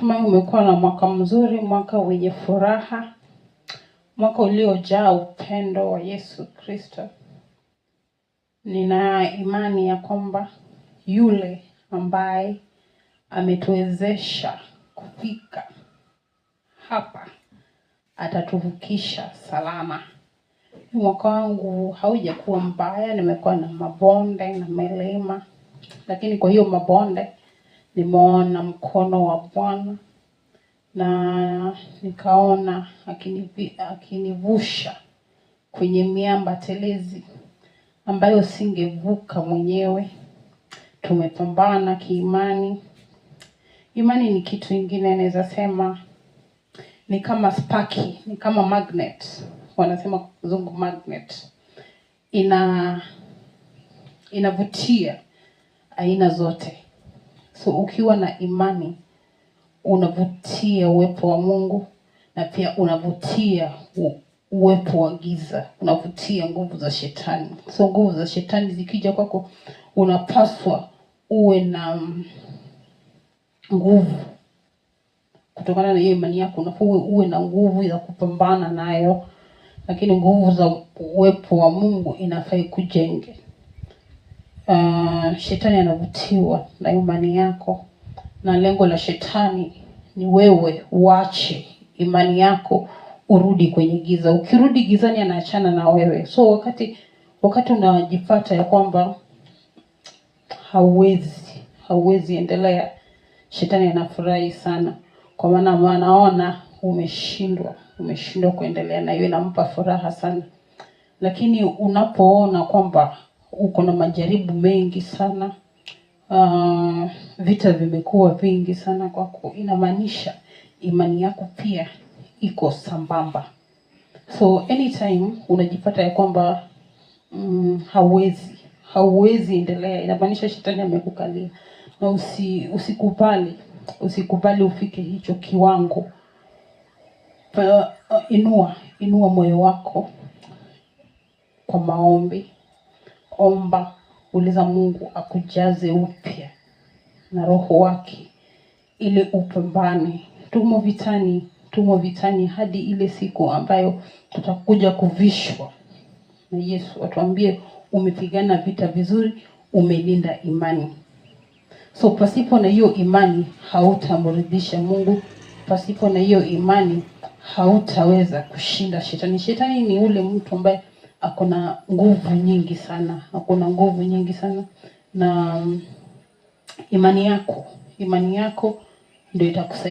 Natumai umekuwa na mwaka mzuri, mwaka wenye furaha, mwaka uliojaa upendo wa Yesu Kristo. Nina imani ya kwamba yule ambaye ametuwezesha kufika hapa atatuvukisha salama. Mwaka wangu haujakuwa mbaya, nimekuwa na mabonde na milima, lakini kwa hiyo mabonde nimeona mkono wa Bwana na nikaona akinivusha kwenye miamba telezi ambayo singevuka mwenyewe. Tumepambana kiimani. Imani ni kitu ingine, naweza sema ni kama spaki, ni kama magnet, wanasema kuzungu magnet, ina inavutia aina zote So ukiwa na imani unavutia uwepo wa Mungu na pia unavutia uwepo wa giza, unavutia nguvu za shetani. So nguvu za shetani zikija kwako, unapaswa uwe na mm, nguvu kutokana na hiyo imani yako, unafaa uwe na nguvu za kupambana nayo, lakini nguvu za uwepo wa Mungu inafai kujenge Uh, shetani anavutiwa na imani yako, na lengo la shetani ni wewe uache imani yako urudi kwenye giza. Ukirudi gizani, anaachana na wewe. So wakati wakati unajipata ya kwamba hauwezi hauwezi endelea, shetani anafurahi sana, kwa maana anaona umeshindwa umeshindwa kuendelea, na hiyo inampa furaha sana, lakini unapoona kwamba uko na majaribu mengi sana. Uh, vita vimekuwa vingi sana kwako, inamaanisha imani yako pia iko sambamba. So anytime unajipata ya kwamba mm, hauwezi hauwezi endelea, inamaanisha shetani amekukalia, na usi, usikubali usikubali ufike hicho kiwango. Uh, inua inua moyo wako kwa maombi omba uliza Mungu akujaze upya na roho wake ili upambane. Tumo vitani, tumo vitani hadi ile siku ambayo tutakuja kuvishwa na Yesu atuambie umepigana vita vizuri, umelinda imani. So pasipo na hiyo imani hautamridhisha Mungu, pasipo na hiyo imani hautaweza kushinda shetani. Shetani ni ule mtu ambaye akona nguvu nyingi sana, akona nguvu nyingi sana na mm, imani yako, imani yako ndio itakusaidia.